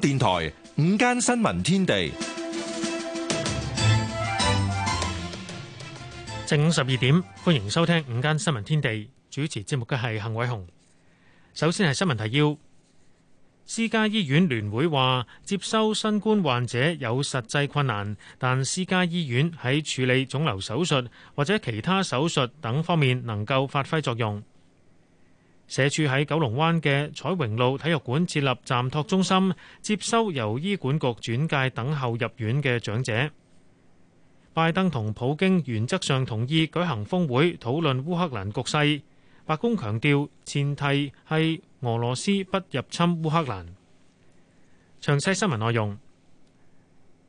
電台午間新聞天地，正午十二點，歡迎收聽午間新聞天地。主持節目嘅係幸偉雄。首先係新聞提要：私家醫院聯會話，接收新冠患者，有實際困難，但私家醫院喺處理腫瘤手術或者其他手術等方面能夠發揮作用。社署喺九龍灣嘅彩榮路體育館設立暫托中心，接收由醫管局轉介等候入院嘅長者。拜登同普京原則上同意舉行峰會，討論烏克蘭局勢。白宮強調前提係俄羅斯不入侵烏克蘭。詳細新聞內容，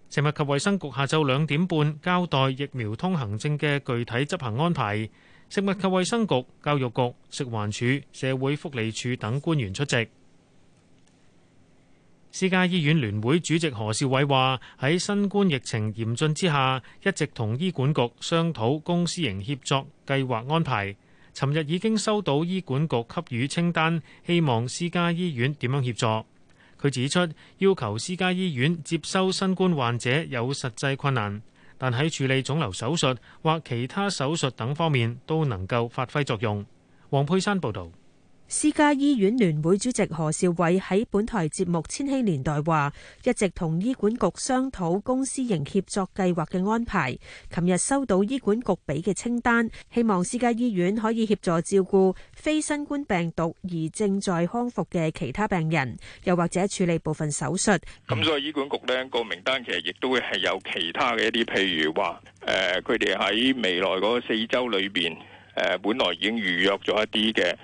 食物及衛生局下晝兩點半交代疫苗通行證嘅具體執行安排。食物及衛生局、教育局、食環署、社會福利署等官員出席。私家醫院聯會主席何兆煒話：喺新冠疫情嚴峻之下，一直同醫管局商討公私營協作計劃安排。尋日已經收到醫管局給予清單，希望私家醫院點樣協助。佢指出，要求私家醫院接收新冠患者有實際困難。但喺處理腫瘤手術或其他手術等方面，都能夠發揮作用。黃佩珊報導。私家醫院聯會主席何兆偉喺本台節目《千禧年代》話，一直同醫管局商討公私營協作計劃嘅安排。琴日收到醫管局俾嘅清單，希望私家醫院可以協助照顧非新冠病毒而正在康復嘅其他病人，又或者處理部分手術。咁所以醫管局呢個名單其實亦都會係有其他嘅一啲，譬如話誒，佢哋喺未來嗰個四周裏邊誒、呃，本來已經預約咗一啲嘅。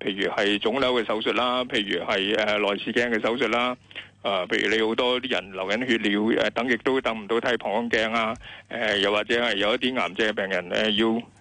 譬如係腫瘤嘅手術啦，譬如係誒內視鏡嘅手術啦，誒、呃、譬如你好多啲人流緊血尿，誒、呃、等極都等唔到睇膀胱鏡啊，誒、呃、又或者係有一啲癌症嘅病人誒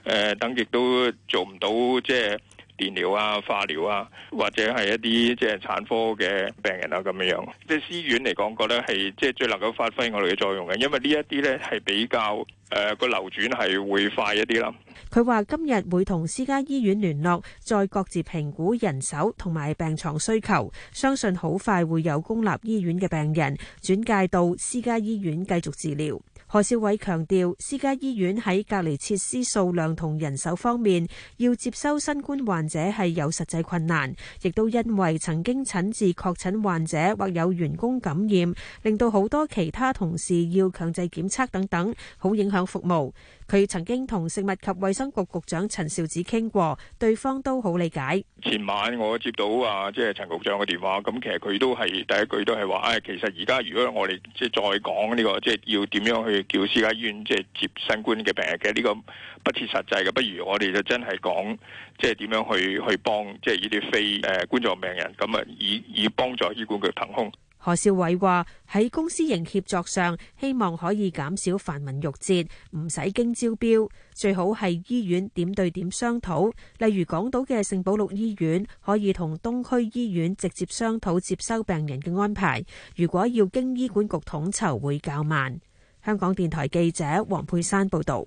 要誒等極都做唔到即係。呃治療啊，化療啊，或者係一啲即係產科嘅病人啊，咁樣樣即係私院嚟講，覺得係即係最能夠發揮我哋嘅作用嘅，因為呢一啲咧係比較誒個流轉係會快一啲啦。佢話今日會同私家醫院聯絡，再各自評估人手同埋病床需求，相信好快會有公立醫院嘅病人轉介到私家醫院繼續治療。何少偉強調，私家醫院喺隔離設施數量同人手方面，要接收新冠患者係有實際困難，亦都因為曾經診治確診患者或有員工感染，令到好多其他同事要強制檢測等等，好影響服務。佢曾經同食物及衛生局局長陳肇始傾過，對方都好理解。前晚我接到啊，即係陳局長嘅電話，咁其實佢都係第一句都係話，唉、哎，其實而家如果我哋即係再講呢、這個，即係要點樣去叫私家醫院即係接新冠嘅病嘅呢、這個不切實際嘅，不如我哋就真係講，即係點樣去去幫即係呢啲非誒冠狀病人，咁啊以以幫助醫管局騰空。何少偉話：喺公私營協作上，希望可以減少繁文縟節，唔使經招標，最好係醫院點對點商討。例如港島嘅聖保祿醫院可以同東區醫院直接商討接收病人嘅安排。如果要經醫管局統籌，會較慢。香港電台記者黃佩珊報道，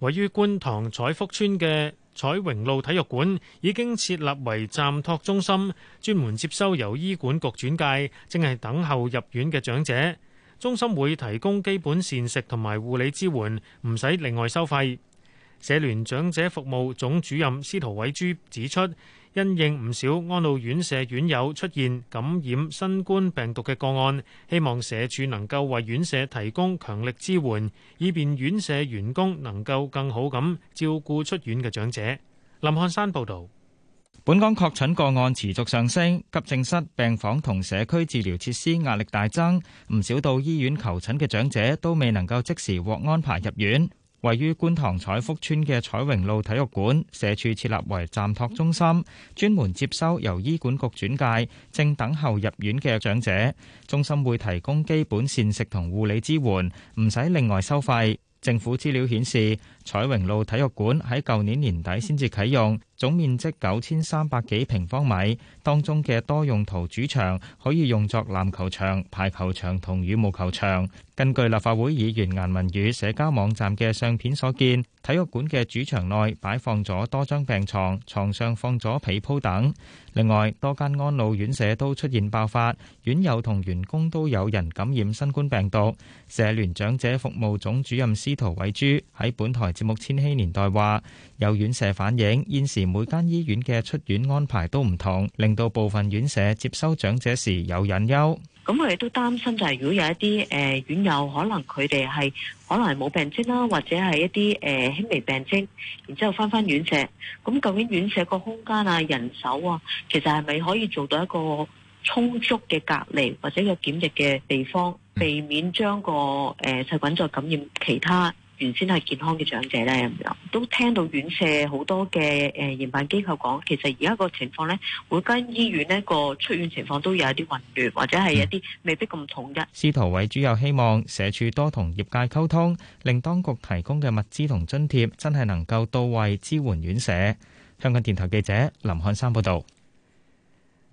位於觀塘彩福邨嘅彩榮路體育館已經設立為暫託中心，專門接收由醫管局轉介，正係等候入院嘅長者。中心會提供基本膳食同埋護理支援，唔使另外收費。社聯長者服務總主任司徒偉珠指出。因應唔少安老院舍院友出現感染新冠病毒嘅個案，希望社署能夠為院舍提供強力支援，以便院舍員工能夠更好咁照顧出院嘅長者。林漢山報導。本港確診個案持續上升，急症室、病房同社區治療設施壓力大增，唔少到醫院求診嘅長者都未能夠即時獲安排入院。位於觀塘彩福村嘅彩榮路體育館，社署設立為暫托中心，專門接收由醫管局轉介正等候入院嘅長者。中心會提供基本膳食同護理支援，唔使另外收費。政府資料顯示。彩榮路體育館喺舊年年底先至啟用，總面積九千三百幾平方米，當中嘅多用途主場可以用作籃球場、排球場同羽毛球場。根據立法會議員顏文宇社交網站嘅相片所見，體育館嘅主場內擺放咗多張病牀，牀上放咗被鋪等。另外，多間安老院舍都出現爆發，院友同員工都有人感染新冠病毒。社聯長者服務總主任司徒偉珠喺本台節目千禧年代話，有院舍反映，現時每間醫院嘅出院安排都唔同，令到部分院舍接收長者時有隱憂。咁我哋都擔心就係，如果有一啲誒院友可能佢哋係可能係冇病徵啦，或者係一啲誒輕微病徵，然之後翻翻院舍，咁究竟院舍個空間啊、人手啊，其實係咪可以做到一個充足嘅隔離或者有檢疫嘅地方，避免將個誒細菌再感染其他？原先係健康嘅長者咧，咁樣都聽到院舍好多嘅誒營辦機構講，其實而家個情況呢，每間醫院呢個出院情況都有一啲混亂，或者係一啲未必咁統一。嗯、司徒委主又希望社署多同業界溝通，令當局提供嘅物資同津貼真係能夠到位支援院舍。香港電台記者林漢山報道。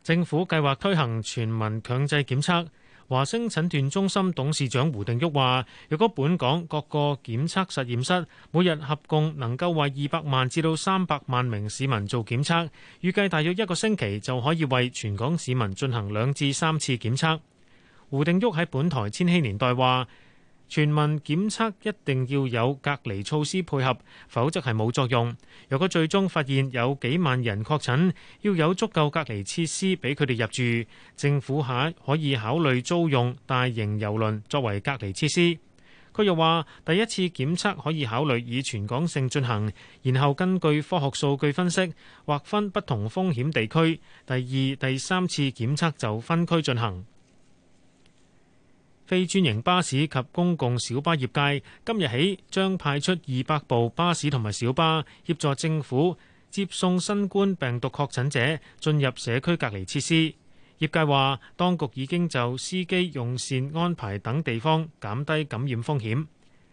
政府計劃推行全民強制檢測。華星診斷中心董事長胡定旭話，如果本港各個檢測實驗室每日合共能夠為二百萬至到三百萬名市民做檢測，預計大約一個星期就可以為全港市民進行兩至三次檢測。胡定旭喺本台千禧年代話。全民檢測一定要有隔離措施配合，否則係冇作用。若果最終發現有幾萬人確診，要有足夠隔離設施俾佢哋入住。政府下可以考慮租用大型郵輪作為隔離設施。佢又話：第一次檢測可以考慮以全港性進行，然後根據科學數據分析劃分不同風險地區。第二、第三次檢測就分區進行。非專營巴士及公共小巴業界今日起將派出二百部巴士同埋小巴協助政府接送新冠病毒確診者進入社區隔離設施。業界話，當局已經就司機用膳安排等地方減低感染風險。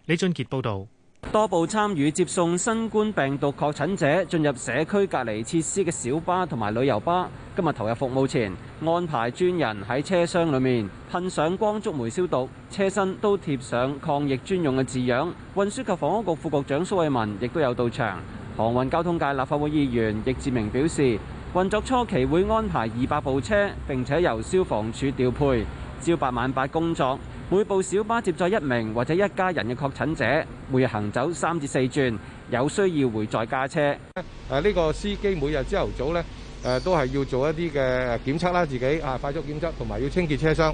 李俊傑報導。多部參與接送新冠病毒確診者進入社區隔離設施嘅小巴同埋旅遊巴，今日投入服務前安排專人喺車廂裡面噴上光觸媒消毒，車身都貼上抗疫專用嘅字樣。運輸及房屋局副局長蘇偉文亦都有到場。航運交通界立法會議員易志明表示，運作初期會安排二百部車，並且由消防處調配，朝八晚八工作。每部小巴接載一名或者一家人嘅確診者，每日行走三至四轉，有需要會再加車。誒呢個司機每日朝頭早咧，誒都係要做一啲嘅檢測啦，自己啊快速檢測，同埋要清潔車廂。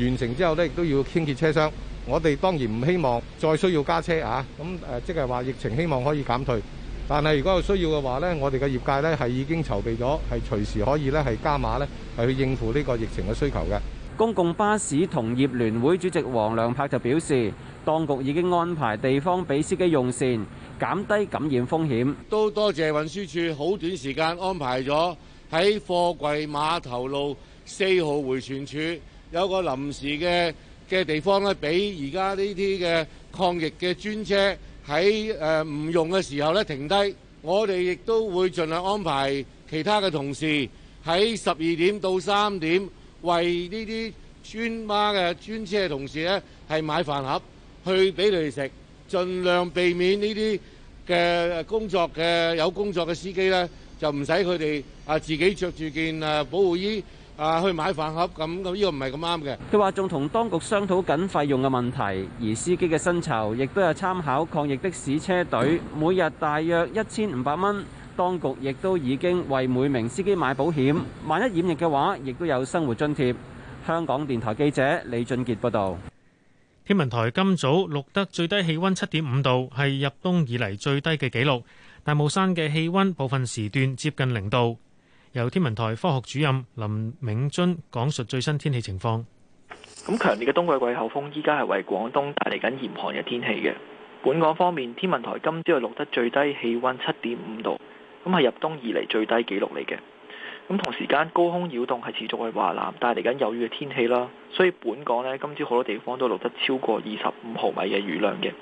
完成之後咧，亦都要清潔車廂。我哋當然唔希望再需要加車啊，咁誒即係話疫情希望可以減退。但係如果有需要嘅話咧，我哋嘅業界咧係已經籌備咗，係隨時可以咧係加碼咧係去應付呢個疫情嘅需求嘅。公共巴士同業聯會主席黃良柏就表示，當局已經安排地方俾司機用膳，減低感染風險。都多謝運輸處好短時間安排咗喺貨櫃碼頭路四號回旋處有個臨時嘅嘅地方咧，俾而家呢啲嘅抗疫嘅專車喺誒唔用嘅時候咧停低。我哋亦都會盡量安排其他嘅同事喺十二點到三點。為呢啲專巴嘅專車嘅同事咧，係買飯盒去俾佢哋食，盡量避免呢啲嘅工作嘅有工作嘅司機咧，就唔使佢哋啊自己著住件誒保護衣啊去買飯盒咁，咁呢個唔係咁啱嘅。佢話仲同當局商討緊費用嘅問題，而司機嘅薪酬亦都有參考抗疫的士車隊，每日大約一千五百蚊。當局亦都已經為每名司機買保險，萬一染疫嘅話，亦都有生活津貼。香港電台記者李俊傑報道：「天文台今早錄得最低氣温七點五度，係入冬以嚟最低嘅記錄。大霧山嘅氣温部分時段接近零度。」由天文台科學主任林永津講述最新天氣情況。咁強烈嘅冬季季候風，依家係為廣東帶嚟緊嚴寒嘅天氣嘅。本港方面，天文台今朝早錄得最低氣温七點五度。咁係入冬以嚟最低記錄嚟嘅，咁同時間高空擾動係持續喺華南帶嚟緊有雨嘅天氣啦，所以本港呢，今朝好多地方都錄得超過二十五毫米嘅雨量嘅。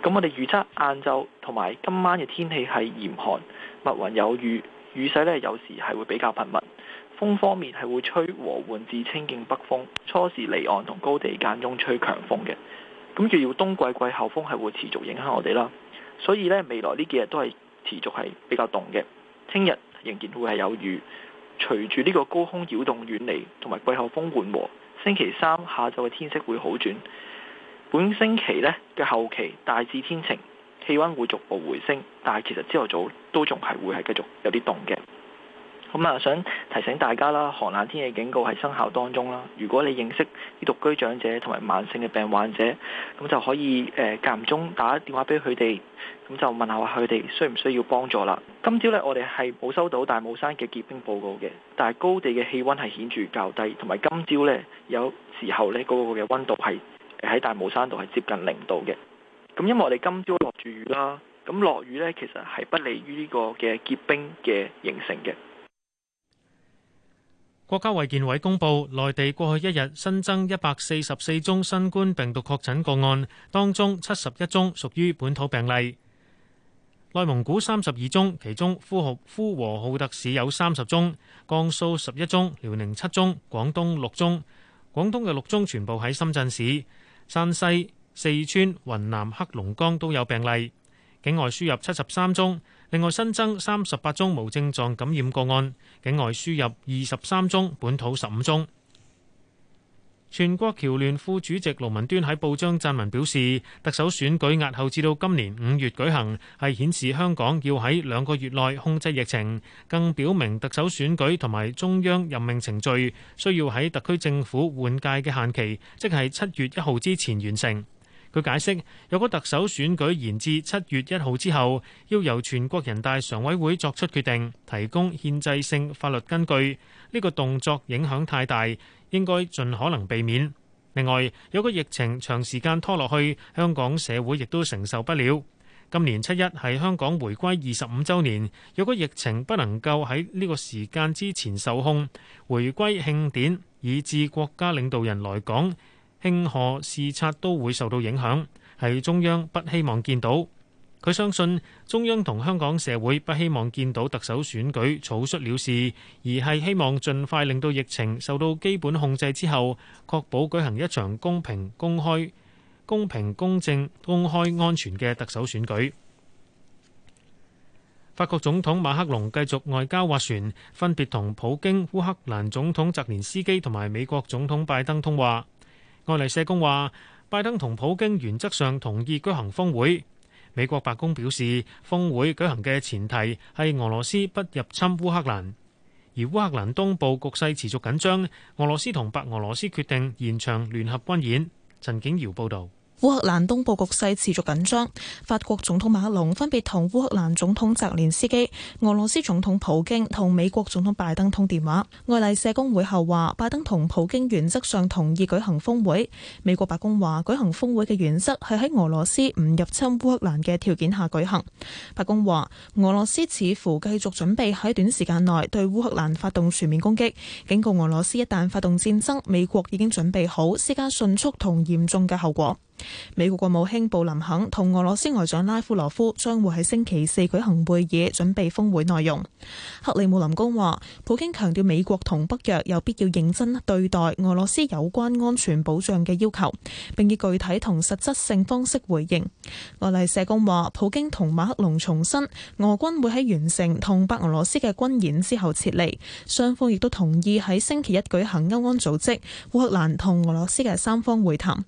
咁我哋預測晏晝同埋今晚嘅天氣係嚴寒、密雲有雨，雨勢呢，有時係會比較頻密。風方面係會吹和緩至清勁北風，初時離岸同高地間中吹強風嘅。咁仲要冬季季候風係會持續影響我哋啦，所以呢，未來呢幾日都係。持續係比較凍嘅，聽日仍然會係有雨。隨住呢個高空擾動遠離同埋季候風緩和，星期三下晝嘅天色會好轉。本星期呢嘅後期大致天晴，氣温會逐步回升，但係其實朝頭早都仲係會係繼續有啲凍嘅。咁啊，想提醒大家啦，寒冷天氣警告係生效當中啦。如果你認識啲獨居長者同埋慢性嘅病患者，咁就可以誒、呃、間唔中打電話俾佢哋，咁就問下佢哋需唔需要幫助啦。今朝咧，我哋係冇收到大帽山嘅結冰報告嘅，但係高地嘅氣溫係顯著較低，同埋今朝咧有時候咧、嗰個個嘅溫度係喺大帽山度係接近零度嘅。咁因為我哋今朝落住雨啦，咁落雨咧其實係不利於呢個嘅結冰嘅形成嘅。國家衛健委公布，內地過去一日新增一百四十四宗新冠病毒確診個案，當中七十一宗屬於本土病例。內蒙古三十二宗，其中呼和，呼和浩特市有三十宗，江蘇十一宗，遼寧七宗，廣東六宗。廣東嘅六宗全部喺深圳市。山西、四川、雲南、黑龍江都有病例。境外輸入七十三宗。另外新增三十八宗無症狀感染個案，境外輸入二十三宗，本土十五宗。全國僑聯副主席盧文端喺報章撰文表示，特首選舉押後至到今年五月舉行，係顯示香港要喺兩個月內控制疫情，更表明特首選舉同埋中央任命程序需要喺特區政府換屆嘅限期，即係七月一號之前完成。佢解釋：若果特首選舉延至七月一號之後，要由全國人大常委會作出決定，提供憲制性法律根據。呢、這個動作影響太大，應該盡可能避免。另外，若果疫情長時間拖落去，香港社會亦都承受不了。今年七一係香港回歸二十五週年，若果疫情不能夠喺呢個時間之前受控，回歸慶典以至國家領導人來港。慶賀視察都會受到影響，係中央不希望見到。佢相信中央同香港社會不希望見到特首選舉草率了事，而係希望盡快令到疫情受到基本控制之後，確保舉行一場公平、公開、公平、公正、公開、安全嘅特首選舉。法國總統馬克龍繼續外交斡旋，分別同普京、烏克蘭總統澤連斯基同埋美國總統拜登通話。愛麗舍宮話，拜登同普京原則上同意舉行峰會。美國白宮表示，峰會舉行嘅前提係俄羅斯不入侵烏克蘭，而烏克蘭東部局勢持續緊張，俄羅斯同白俄羅斯決定延長聯合軍演。陳景堯報道。烏克蘭東部局勢持續緊張，法國總統馬克龍分別同烏克蘭總統澤連斯基、俄羅斯總統普京同美國總統拜登通電話。愛麗舍宮會後話，拜登同普京原則上同意舉行峰會。美國白宮話舉行峰會嘅原則係喺俄羅斯唔入侵烏克蘭嘅條件下舉行。白宮話俄羅斯似乎繼續準備喺短時間內對烏克蘭發動全面攻擊，警告俄羅斯一旦發動戰爭，美國已經準備好施加迅速同嚴重嘅後果。美國國務卿布林肯同俄羅斯外長拉夫羅夫將會喺星期四舉行會議，準備峰會內容。克里姆林宮話，普京強調美國同北約有必要認真對待俄羅斯有關安全保障嘅要求，並以具體同實質性方式回應。愛麗舍宮話，普京同馬克龍重申，俄軍會喺完成同白俄羅斯嘅軍演之後撤離，雙方亦都同意喺星期一舉行歐安組織、烏克蘭同俄羅斯嘅三方會談。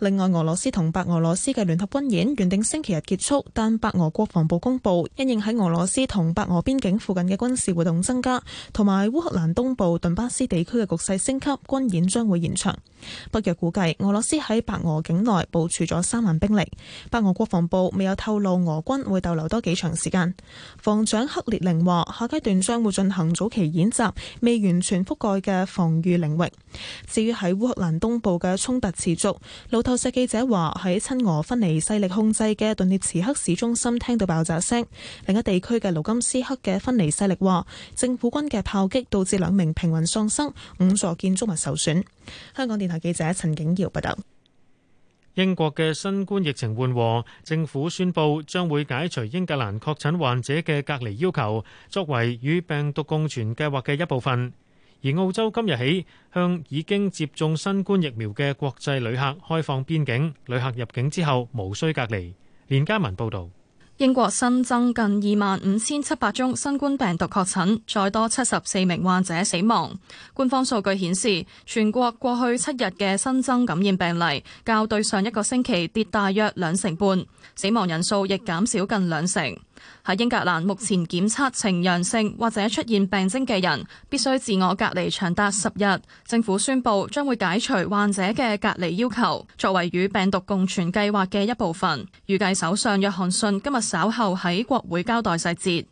另外，俄羅斯同白俄羅斯嘅聯合軍演原定星期日結束，但白俄國防部公佈，因應喺俄羅斯同白俄邊境附近嘅軍事活動增加，同埋烏克蘭東部頓巴斯地區嘅局勢升級，軍演將會延長。北約估計，俄羅斯喺白俄境內部署咗三萬兵力。白俄國防部未有透露俄軍會逗留多幾長時間。防長克列寧話：下階段將會進行早期演習，未完全覆蓋嘅防禦領域。至於喺烏克蘭東部嘅衝突持續，老。路透社記者話：喺親俄分離勢力控制嘅頓涅茨克市中心聽到爆炸聲。另一地區嘅盧金斯克嘅分離勢力話，政府軍嘅炮擊導致兩名平民喪生，五座建築物受損。香港電台記者陳景耀報道。英國嘅新冠疫情緩和，政府宣布將會解除英格蘭確診患者嘅隔離要求，作為與病毒共存計劃嘅一部分。而澳洲今日起向已經接種新冠疫苗嘅國際旅客開放邊境，旅客入境之後無需隔離。連家文報道。英國新增近二萬五千七百宗新冠病毒確診，再多七十四名患者死亡。官方數據顯示，全國過去七日嘅新增感染病例較對上一個星期跌大約兩成半，死亡人數亦減少近兩成。喺英格蘭，目前檢測呈陽性或者出現病徵嘅人，必須自我隔離長達十日。政府宣布將會解除患者嘅隔離要求，作為與病毒共存計劃嘅一部分。預計首相約翰遜今日稍後喺國會交代細節。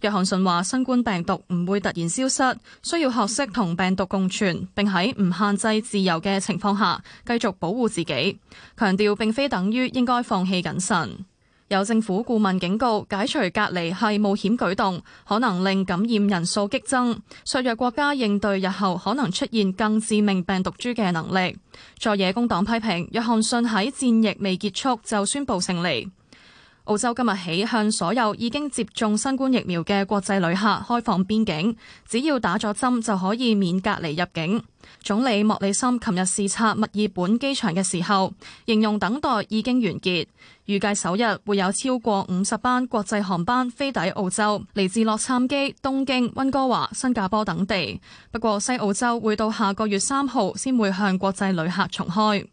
約翰遜話：新冠病毒唔會突然消失，需要學識同病毒共存，並喺唔限制自由嘅情況下繼續保護自己。強調並非等於應該放棄謹慎。有政府顧問警告，解除隔離係冒險舉動，可能令感染人數激增，削弱國家應對日後可能出現更致命病毒株嘅能力。在野工黨批評約翰遜喺戰役未結束就宣布勝利。澳洲今日起向所有已經接種新冠疫苗嘅國際旅客開放邊境，只要打咗針就可以免隔離入境。總理莫里森琴日視察墨爾本機場嘅時候，形容等待已經完結，預計首日會有超過五十班國際航班飛抵澳洲，嚟自洛杉磯、東京、溫哥華、新加坡等地。不過西澳洲會到下個月三號先會向國際旅客重開。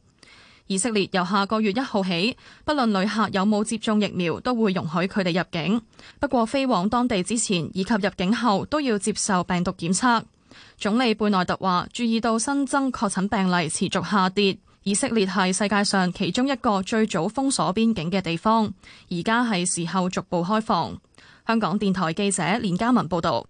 以色列由下個月一號起，不論旅客有冇接種疫苗，都會容許佢哋入境。不過飛往當地之前以及入境後都要接受病毒檢測。總理貝內特話，注意到新增確診病例持續下跌，以色列係世界上其中一個最早封鎖邊境嘅地方，而家係時候逐步開放。香港電台記者連嘉文報道。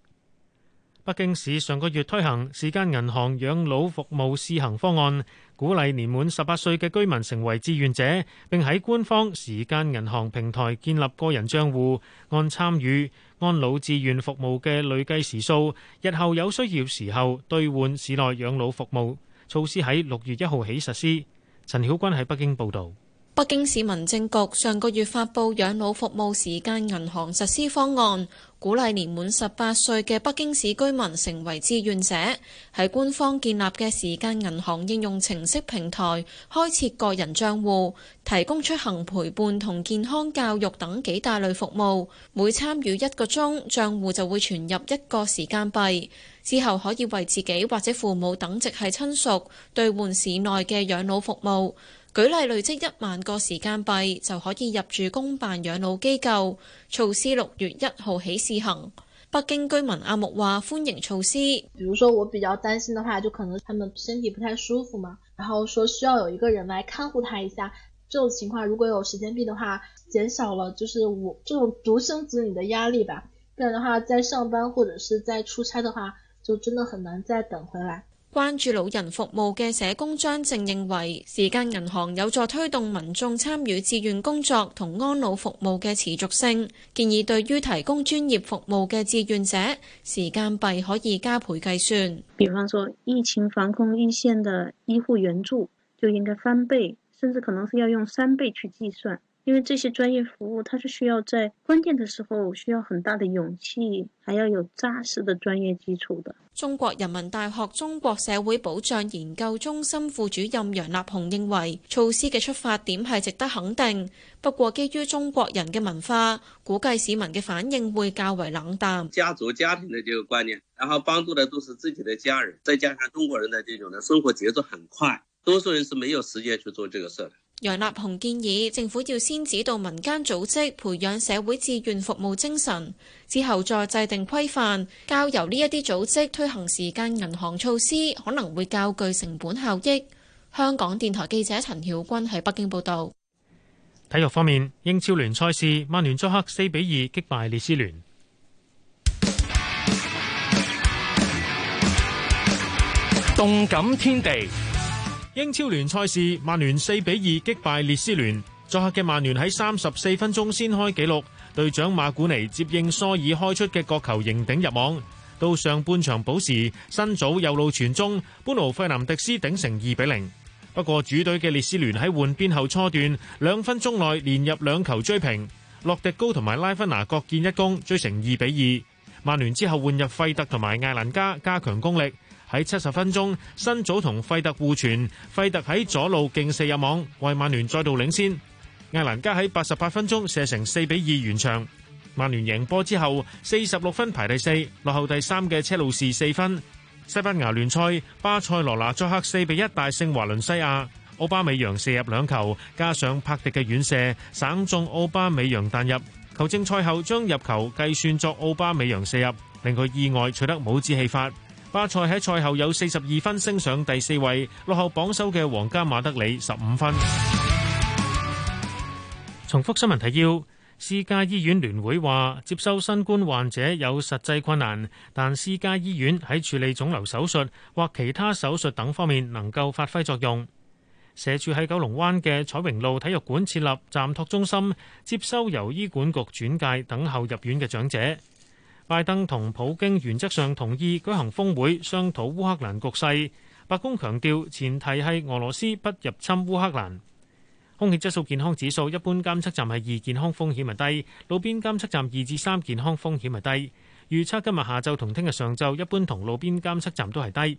北京市上個月推行時間銀行養老服務試行方案，鼓勵年滿十八歲嘅居民成為志願者，並喺官方時間銀行平台建立個人賬戶，按參與安老志願服務嘅累計時數，日後有需要時候兌換市內養老服務。措施喺六月一號起實施。陳曉君喺北京報道。北京市民政局上個月發布養老服務時間銀行實施方案，鼓勵年滿十八歲嘅北京市居民成為志願者，喺官方建立嘅時間銀行應用程式平台開設個人賬戶，提供出行陪伴同健康教育等幾大類服務，每參與一個鐘賬戶就會存入一個時間幣，之後可以為自己或者父母等直系親屬兌換市內嘅養老服務。舉例累積一萬個時間幣就可以入住公辦養老機構，措施六月一號起試行。北京居民阿木話歡迎措施。比如說我比較擔心的話，就可能他們身體不太舒服嘛，然後說需要有一個人來看護他一下。這種情況如果有時間幣的話，減少了就是我這種獨生子女的壓力吧。不然的話，在上班或者是在出差的話，就真的很難再等回來。關注老人服務嘅社工張正認為，時間銀行有助推動民眾參與志願工作同安老服務嘅持續性，建議對於提供專業服務嘅志願者，時間幣可以加倍計算。比方說，疫情防控一線的醫護援助就應該翻倍，甚至可能是要用三倍去計算。因為這些專業服務，它是需要在關鍵的時候需要很大的勇氣，還要有紮實的專業基礎的。中國人民大學中國社會保障研究中心副主任楊立雄認為，措施嘅出發點係值得肯定，不過基於中國人嘅文化，估計市民嘅反應會較為冷淡。家族家庭的這個觀念，然後幫助的都是自己的家人，再加上中國人的這種的生活節奏很快，多數人是沒有時間去做這個事的。楊立雄建議政府要先指導民間組織培養社會志願服務精神，之後再制定規範，交由呢一啲組織推行時間銀行措施，可能會較具成本效益。香港電台記者陳曉君喺北京報道。體育方面，英超聯賽事，曼聯作客四比二擊敗列斯聯。動感天地。英超聯賽事，曼聯四比二擊敗列斯聯。作客嘅曼聯喺三十四分鐘先開紀錄，隊長馬古尼接應索爾開出嘅角球迎頂入網。到上半場補時，新早右路傳中，布勞費南迪斯頂成二比零。不過主隊嘅列斯聯喺換邊後初段兩分鐘內連入兩球追平，洛迪高同埋拉芬拿各建一功，追成二比二。曼聯之後換入費特同埋艾蘭加加強攻力。喺七十分鐘，新組同費特互傳，費特喺左路勁射入網，為曼聯再度領先。艾蘭加喺八十八分鐘射成四比二完場，曼聯贏波之後四十六分排第四，落後第三嘅車路士四分。西班牙聯賽巴塞羅那作客四比一大勝華倫西亞，奧巴美揚射入兩球，加上帕迪嘅遠射，省中奧巴美揚彈入，球證賽後將入球計算作奧巴美揚射入，令佢意外取得帽子戲法。巴塞喺賽後有四十二分升上第四位，落後榜首嘅皇家馬德里十五分。重複新聞提要：私家醫院聯會話，接收新冠患者有實際困難，但私家醫院喺處理腫瘤手術或其他手術等方面能夠發揮作用。社署喺九龍灣嘅彩榮路體育館設立暫托中心，接收由醫管局轉介等候入院嘅長者。拜登同普京原則上同意舉行峰會商討烏克蘭局勢。白宮強調，前提係俄羅斯不入侵烏克蘭。空氣質素健康指數，一般監測站係二，健康風險係低，路邊監測站二至三，健康風險係低。預測今日下晝同聽日上晝，一般同路邊監測站都係低。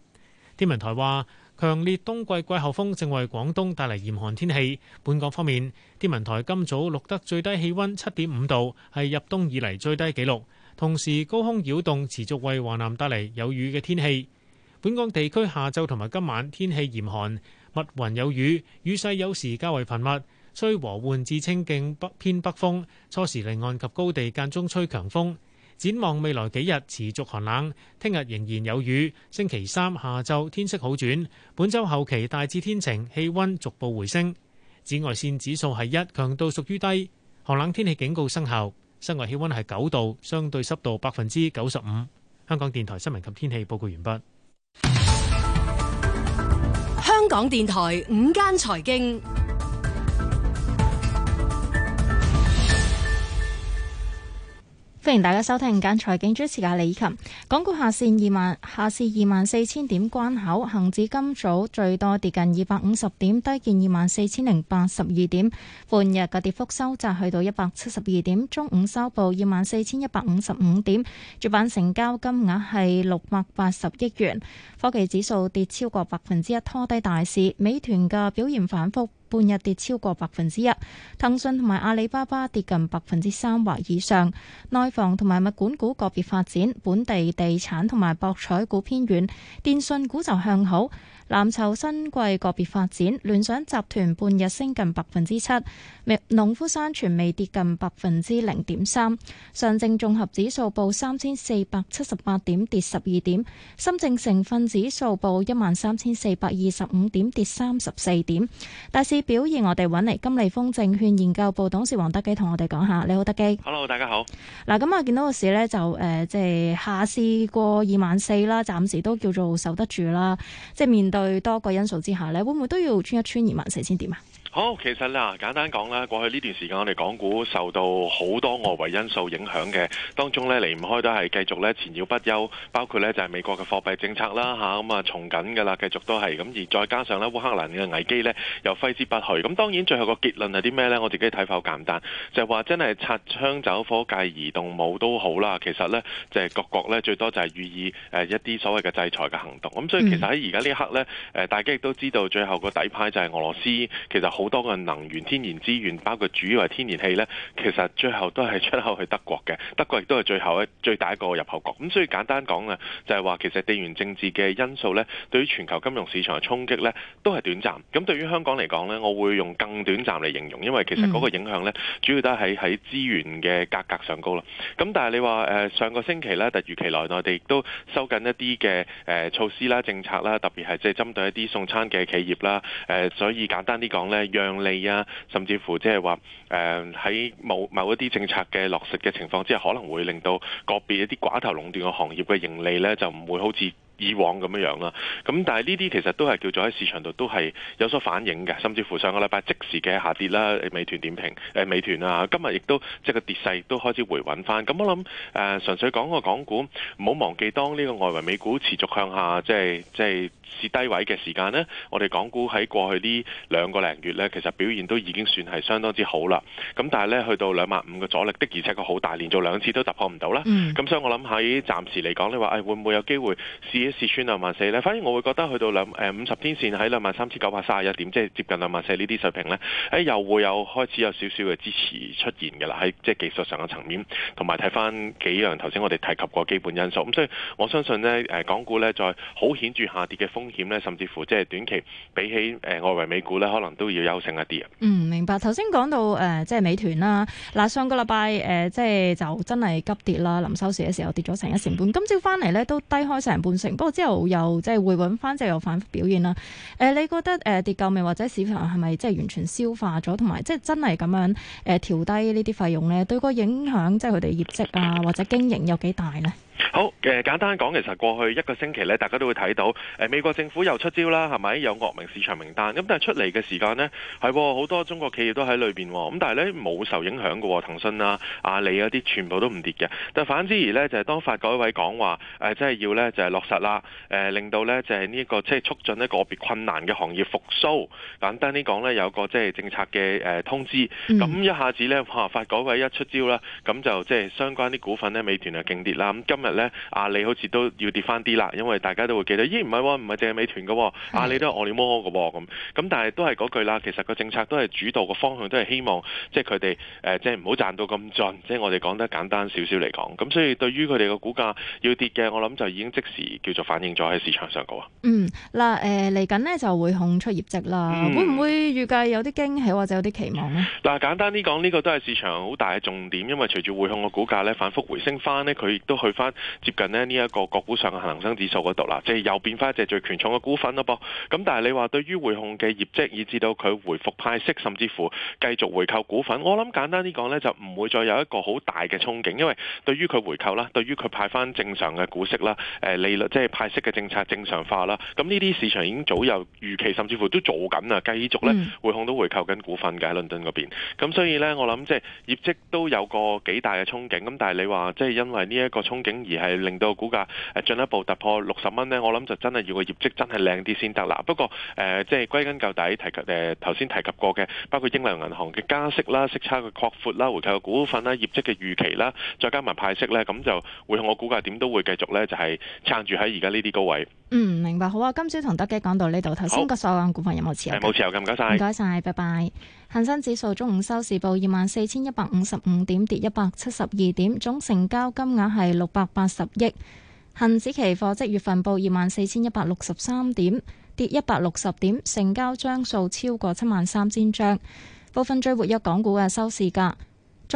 天文台話，強烈冬季季候風正為廣東帶嚟嚴寒天氣。本港方面，天文台今早錄得最低氣溫七點五度，係入冬以嚟最低紀錄。同時高空擾動持續為華南帶嚟有雨嘅天氣。本港地區下晝同埋今晚天氣嚴寒，密雲有雨，雨勢有時較為頻密，吹和緩至清勁北偏北風。初時離岸及高地間中吹強風。展望未來幾日持續寒冷，聽日仍然有雨。星期三下晝天色好轉，本週後期大致天晴，氣温逐步回升。紫外線指數係一，強度屬於低。寒冷天氣警告生效。室外氣溫係九度，相對濕度百分之九十五。香港電台新聞及天氣報告完畢。香港電台午間財經。歡迎大家收聽緊，財經主持嘅李琴。港股下線二萬，下線二萬四千點關口，恒指今早最多跌近二百五十點，低見二萬四千零八十二點。半日嘅跌幅收窄去到一百七十二點，中午收報二萬四千一百五十五點。主板成交金額係六百八十億元。科技指數跌超過百分之一，拖低大市。美團嘅表現反覆。半日跌超過百分之一，騰訊同埋阿里巴巴跌近百分之三或以上，內房同埋物管股個別發展，本地地產同埋博彩股偏軟，電信股就向好。藍籌新貴個別發展，聯想集團半日升近百分之七，農夫山泉未跌近百分之零點三。上證綜合指數報三千四百七十八點，跌十二點；深證成分指數報一萬三千四百二十五點，跌三十四點。大市表現，我哋揾嚟金利豐證券研究部董事黃德基同我哋講下。你好，德基。Hello，大家好。嗱，咁啊，見到個市呢，就誒，即、呃、係、就是、下試過二萬四啦，暫時都叫做守得住啦，即、就、係、是、面。對多個因素之下咧，會唔會都要穿一穿二萬四千點啊？好，其實啦，簡單講啦，過去呢段時間我哋港股受到好多外圍因素影響嘅，當中呢，離唔開都係繼續呢，纏繞不休，包括呢，就係、是、美國嘅貨幣政策啦吓，咁啊從緊噶啦，繼、嗯、續都係咁、嗯，而再加上呢，烏克蘭嘅危機呢，又揮之不去。咁、嗯、當然最後個結論係啲咩呢？我自己睇法好簡單，就係、是、話真係擦槍走火、介移動武都好啦。其實呢，就係、是、各國呢，最多就係予以誒一啲所謂嘅制裁嘅行動。咁、嗯、所以其實喺而家呢一刻呢，誒大家亦都知道最後個底牌就係俄羅斯，其實好。好多嘅能源天然資源，包括主要係天然氣呢，其實最後都係出口去德國嘅，德國亦都係最後一最大一個入口國。咁所以簡單講呢就係話，其實地緣政治嘅因素呢，對於全球金融市場嘅衝擊呢，都係短暫。咁對於香港嚟講呢，我會用更短暫嚟形容，因為其實嗰個影響呢，主要都係喺資源嘅價格上高咯。咁但係你話誒上個星期呢，突如其來內地亦都收緊一啲嘅誒措施啦、政策啦，特別係即係針對一啲送餐嘅企業啦。誒，所以簡單啲講呢。讓利啊，甚至乎即係話，誒，喺某某一啲政策嘅落實嘅情況之下，可能會令到個別一啲寡頭壟斷嘅行業嘅盈利咧，就唔會好似以往咁樣樣啦，咁但係呢啲其實都係叫做喺市場度都係有所反映嘅，甚至乎上個禮拜即時嘅下跌啦，美團點評，誒美團啊，今日亦都即係個跌勢亦都開始回穩翻。咁我諗誒、呃、純粹講個港股，唔好忘記當呢個外圍美股持續向下，即係即係跌低位嘅時間呢。我哋港股喺過去呢兩個零月呢，其實表現都已經算係相當之好啦。咁但係呢，去到兩萬五嘅阻力，的而且確好大，連續兩次都突破唔到啦。咁、嗯、所以我諗喺暫時嚟講，你話誒、哎、會唔會有機會試？啲市穿兩萬四咧，反而我會覺得去到兩誒五十天線喺兩萬三千九百三十一點，即係接近兩萬四呢啲水平咧，誒、呃、又會有開始有少少嘅支持出現嘅啦，喺即係技術上嘅層面，同埋睇翻幾樣頭先我哋提及過基本因素，咁所以我相信呢，誒、呃，港股咧再好顯著下跌嘅風險咧，甚至乎即係短期比起誒外圍美股咧，可能都要優勝一啲啊。嗯，明白。頭先講到誒、呃，即係美團啦，嗱上個禮拜誒，即係就真係急跌啦，臨收市嘅時候跌咗成一成半，今朝翻嚟咧都低開成半成。不過之後又即係會揾翻，即係又反覆表現啦。誒、呃，你覺得誒、呃、跌夠未，或者市場係咪即係完全消化咗，同埋即係真係咁樣誒調、呃、低呢啲費用咧？對個影響，即係佢哋業績啊或者經營有幾大咧？好，誒、呃、簡單講，其實過去一個星期咧，大家都會睇到，誒、呃、美國政府又出招啦，係咪有惡名市場名單？咁但係出嚟嘅時間呢，係好、哦、多中國企業都喺裏邊，咁但係呢，冇受影響嘅，騰訊啊、阿里嗰啲全部都唔跌嘅。但係反之而呢，就係、是、當發改委講話，誒即係要呢，就係、是、落實啦，誒、呃、令到呢，就係呢一個即係、就是、促進呢個別困難嘅行業復甦。簡單啲講呢，有個即係政策嘅誒通知，咁一下子呢，哇！發改委一出招啦，咁就即係相關啲股份呢，美團就勁跌啦，咁今。咧阿里好似都要跌翻啲啦，因為大家都會記得，咦唔係喎，唔係淨係美團噶、哦，的阿里都係餓了麼噶咁咁，但係都係嗰句啦，其實個政策都係主導個方向，都係希望即係佢哋誒即係唔好賺到咁盡，即係我哋講得簡單少少嚟講，咁所以對於佢哋個股價要跌嘅，我諗就已經即時叫做反映咗喺市場上噶。嗯，嗱誒嚟緊呢就匯控出業績啦，嗯、會唔會預計有啲驚喜或者有啲期望呢？嗱、嗯、簡單啲講，呢、這個都係市場好大嘅重點，因為隨住匯控個股價咧反復回升翻呢，佢亦都去翻。接近呢呢一、呢個國股上嘅恒生指數嗰度啦，即係又變翻一隻最權重嘅股份咯噃。咁但係你話對於匯控嘅業績，以至到佢回復派息，甚至乎繼續回購股份，我諗簡單啲講呢，就唔會再有一個好大嘅憧憬，因為對於佢回購啦，對於佢派翻正常嘅股息啦，誒利率即係、就是、派息嘅政策正常化啦，咁呢啲市場已經早有預期，甚至乎都做緊啦，繼續呢匯、嗯、控都回購緊股份嘅喺倫敦嗰邊。咁所以呢，我諗即係業績都有個幾大嘅憧憬。咁但係你話即係因為呢一個憧憬。而係令到股價誒進一步突破六十蚊呢，我諗就真係要個業績真係靚啲先得啦。不過誒、呃，即係歸根究底提及誒頭先提及過嘅，包括英良銀行嘅加息啦、息差嘅擴闊啦、回購嘅股份啦、業績嘅預期啦，再加埋派息呢，咁就會我估計點都會繼續呢，就係、是、撐住喺而家呢啲高位。嗯，明白。好啊，今朝同德基講到呢度，頭先個所謂股份有冇持有？冇持有，咁唔該晒。唔該晒，拜拜。恒生指數中午收市報二萬四千一百五十五點，跌一百七十二點，總成交金額係六百八十億。恒指期貨即月份報二萬四千一百六十三點，跌一百六十點，成交張數超過七萬三千張。部分最活躍港股嘅收市價。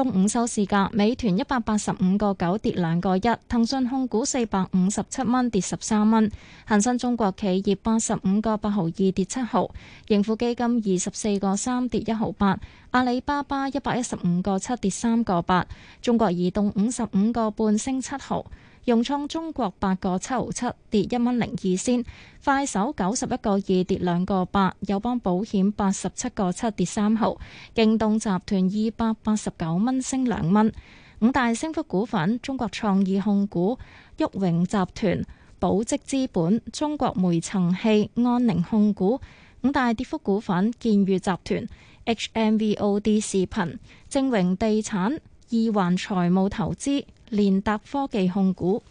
中午收市價，美團一百八十五個九跌兩個一，騰訊控股四百五十七蚊跌十三蚊，恒生中國企業八十五個八毫二跌七毫，盈富基金二十四個三跌一毫八，阿里巴巴一百一十五個七跌三個八，中國移動五十五個半升七毫。融創中國八個七毫七跌一蚊零二仙，快手九十一個二跌兩個八，友邦保險八十七個七跌三毫，京東集團二百八十九蚊升兩蚊。五大升幅股份：中國創意控股、旭榮集團、寶積資本、中國煤層氣、安寧控股。五大跌幅股份：建裕集團、HMVOD 視頻、正榮地產、二環財務投資、聯達科技控股。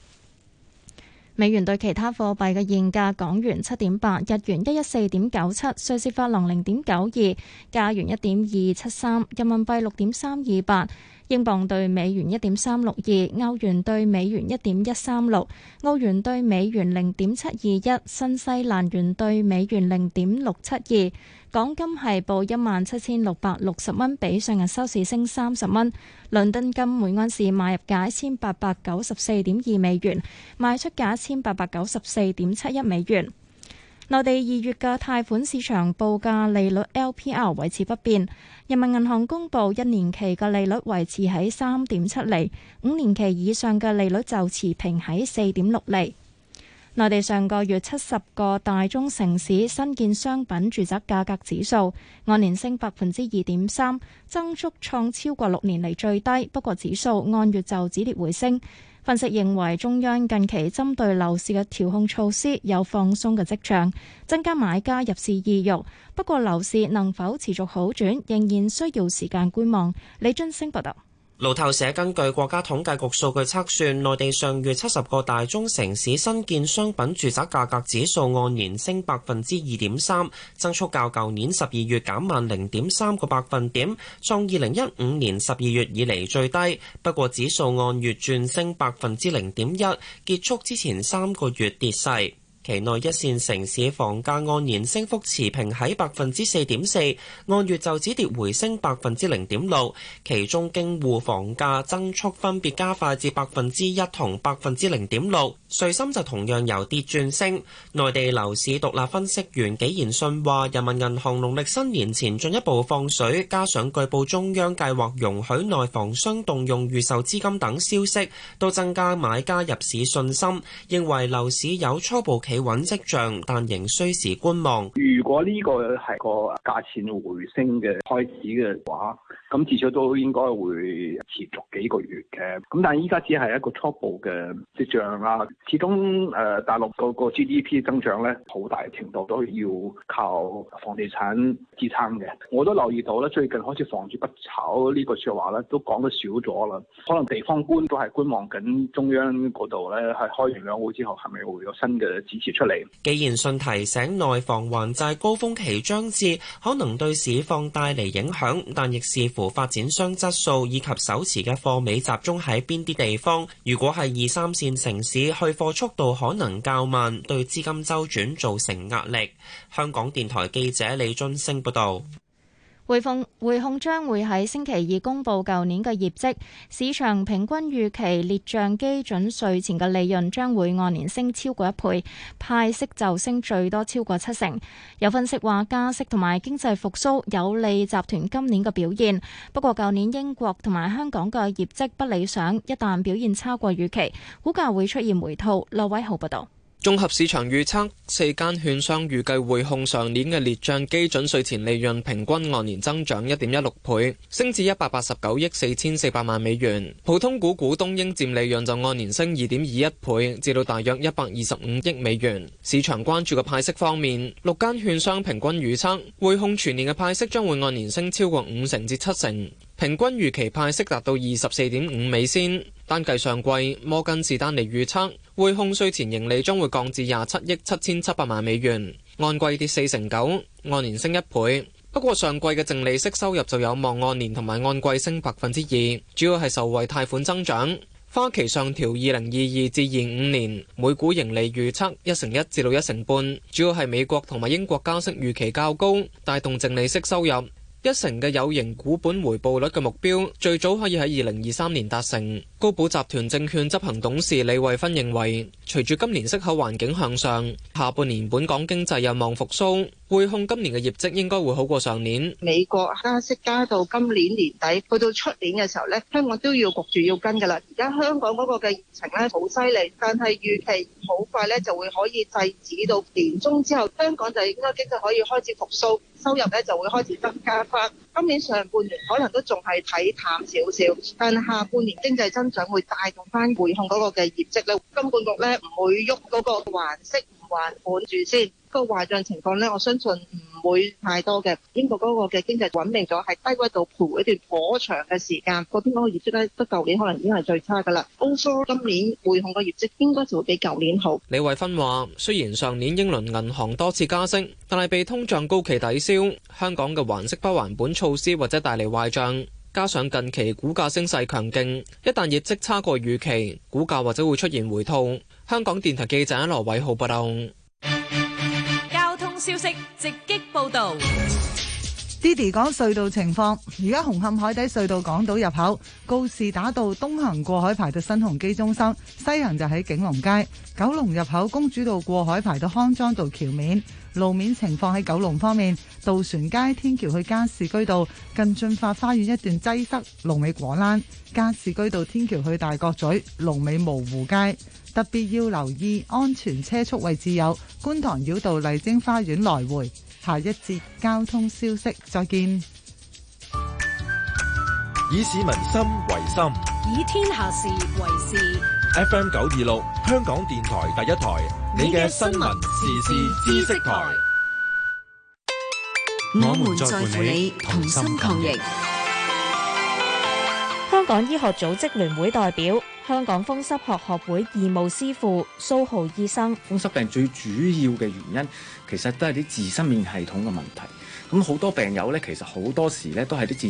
美元對其他貨幣嘅現價：港元七點八，日元一一四點九七，瑞士法郎零點九二，加元一點二七三，人民幣六點三二八。英鎊兌美元一點三六二，歐元兌美元一點一三六，歐元兌美元零點七二一，新西蘭元兌美元零點六七二。港金係報一萬七千六百六十蚊，比上日收市升三十蚊。倫敦金每安士買入價一千八百九十四點二美元，賣出價一千八百九十四點七一美元。內地二月嘅貸款市場報價利率 LPR 維持不變。人民銀行公佈一年期嘅利率維持喺三點七厘，五年期以上嘅利率就持平喺四點六厘。內地上個月七十個大中城市新建商品住宅價格指數按年升百分之二點三，增速創超過六年嚟最低。不過指數按月就止跌回升。分析認為，中央近期針對樓市嘅調控措施有放鬆嘅跡象，增加買家入市意欲。不過，樓市能否持續好轉，仍然需要時間觀望。李津星報道。路透社根據國家統計局數據測算，內地上月七十個大中城市新建商品住宅價格指數按年升百分之二點三，增速較舊年十二月減慢零點三個百分點，創二零一五年十二月以嚟最低。不過，指數按月轉升百分之零點一，結束之前三個月跌勢。期內一線城市房價按年升幅持平喺百分之四點四，按月就止跌回升百分之零點六。其中京滬房價增速分別加快至百分之一同百分之零點六。穗深就同樣由跌轉升。內地樓市獨立分析員紀賢信話，人民銀行農曆新年前進一步放水，加上據報中央計劃容許內房商動用預售資金等消息，都增加買家入市信心，認為樓市有初步企穩跡象，但仍需時觀望。如果呢個係個價錢回升嘅開始嘅話，咁至少都應該會持續幾個月嘅。咁但係依家只係一個初步嘅跡象啦。始終誒、呃、大陸個 GDP 增長咧，好大程度都要靠房地產支撐嘅。我都留意到咧，最近開始房住不炒個說呢個説話咧，都講得少咗啦。可能地方官都係觀望緊中央嗰度咧，係開完兩會之後係咪會有新嘅指示出嚟？既然信提醒內房還係高峰期將至，可能對市況帶嚟影響，但亦視乎發展商質素以及手持嘅貨尾集中喺邊啲地方。如果係二三線城市，去貨速度可能較慢，對資金周轉造成壓力。香港電台記者李俊升報道。匯控匯控將會喺星期二公布舊年嘅業績，市場平均預期列賬基準稅前嘅利潤將會按年升超過一倍，派息就升最多超過七成。有分析話加息同埋經濟復蘇有利集團今年嘅表現，不過舊年英國同埋香港嘅業績不理想，一旦表現超過預期，股價會出現回吐。劉偉豪報道。綜合市場預測，四間券商預計滙控上年嘅列賬基準稅前利潤平均按年增長一點一六倍，升至一百八十九億四千四百萬美元。普通股股東應占利潤就按年升二點二一倍，至到大約一百二十五億美元。市場關注嘅派息方面，六間券商平均預測滙控全年嘅派息將會按年升超過五成至七成，平均預期派息達到二十四點五美仙。單計上季，摩根士丹利預測匯控稅前盈利將會降至廿七億七千七百萬美元，按季跌四成九，按年升一倍。不過上季嘅淨利息收入就有望按年同埋按季升百分之二，主要係受惠貸款增長。花旗上調二零二二至二五年，每股盈利預測一成一至到一成半，主要係美國同埋英國加息預期較高，帶動淨利息收入。一成嘅有形股本回報率嘅目標最早可以喺二零二三年達成。高寶集團證券執行董事李慧芬認為，隨住今年息口環境向上，下半年本港經濟有望復蘇，匯控今年嘅業績應該會好過上年。美國加息加到今年年底，去到出年嘅時候咧，香港都要焗住要跟㗎喇。而家香港嗰個嘅疫情咧好犀利，但係預期好快咧就會可以制止到年中之後，香港就應該經濟可以開始復蘇，收入咧就會開始增加翻。今年上半年可能都仲係睇淡少少，但下半年經濟增長會帶動翻匯控嗰個嘅業績咧。金管局咧唔會喐嗰個環息。還按住先，個壞帳情況呢，我相信唔會太多嘅。英國嗰個嘅經濟穩定咗，係低位度盤一段頗長嘅時間，嗰邊嗰個業績咧，得舊年可能已經係最差噶啦。歐科今年匯控嘅業績應該就會比舊年好。李慧芬話：雖然上年英倫銀行多次加息，但係被通脹高企抵消。香港嘅還息不還本措施或者帶嚟壞帳。加上近期股價升勢強勁，一旦業績差過預期，股價或者會出現回吐。香港電台記者羅偉浩報道。交通消息直擊報道。睇睇講隧道情況，而家紅磡海底隧道港島入口告士打道東行過海排到新鴻基中心，西行就喺景隆街；九龍入口公主道過海排到康莊道橋面。路面情況喺九龍方面，渡船街天橋去加士居道近駿發花園一段擠塞，龍尾果欄；加士居道天橋去大角咀龍尾蕪湖街。特別要留意安全車速位置有觀塘繞道麗晶花園來回。下一節交通消息，再見。以市民心為心，以天下事為事。FM 九二六，香港電台第一台。你嘅新聞時事知識台，我們在乎你，同心抗疫。香港醫學組織聯會代表、香港風濕學學會義務師傅蘇浩醫生，風濕病最主要嘅原因，其實都係啲自身免疫系統嘅問題。咁好多病友咧，其實好多時咧都係啲自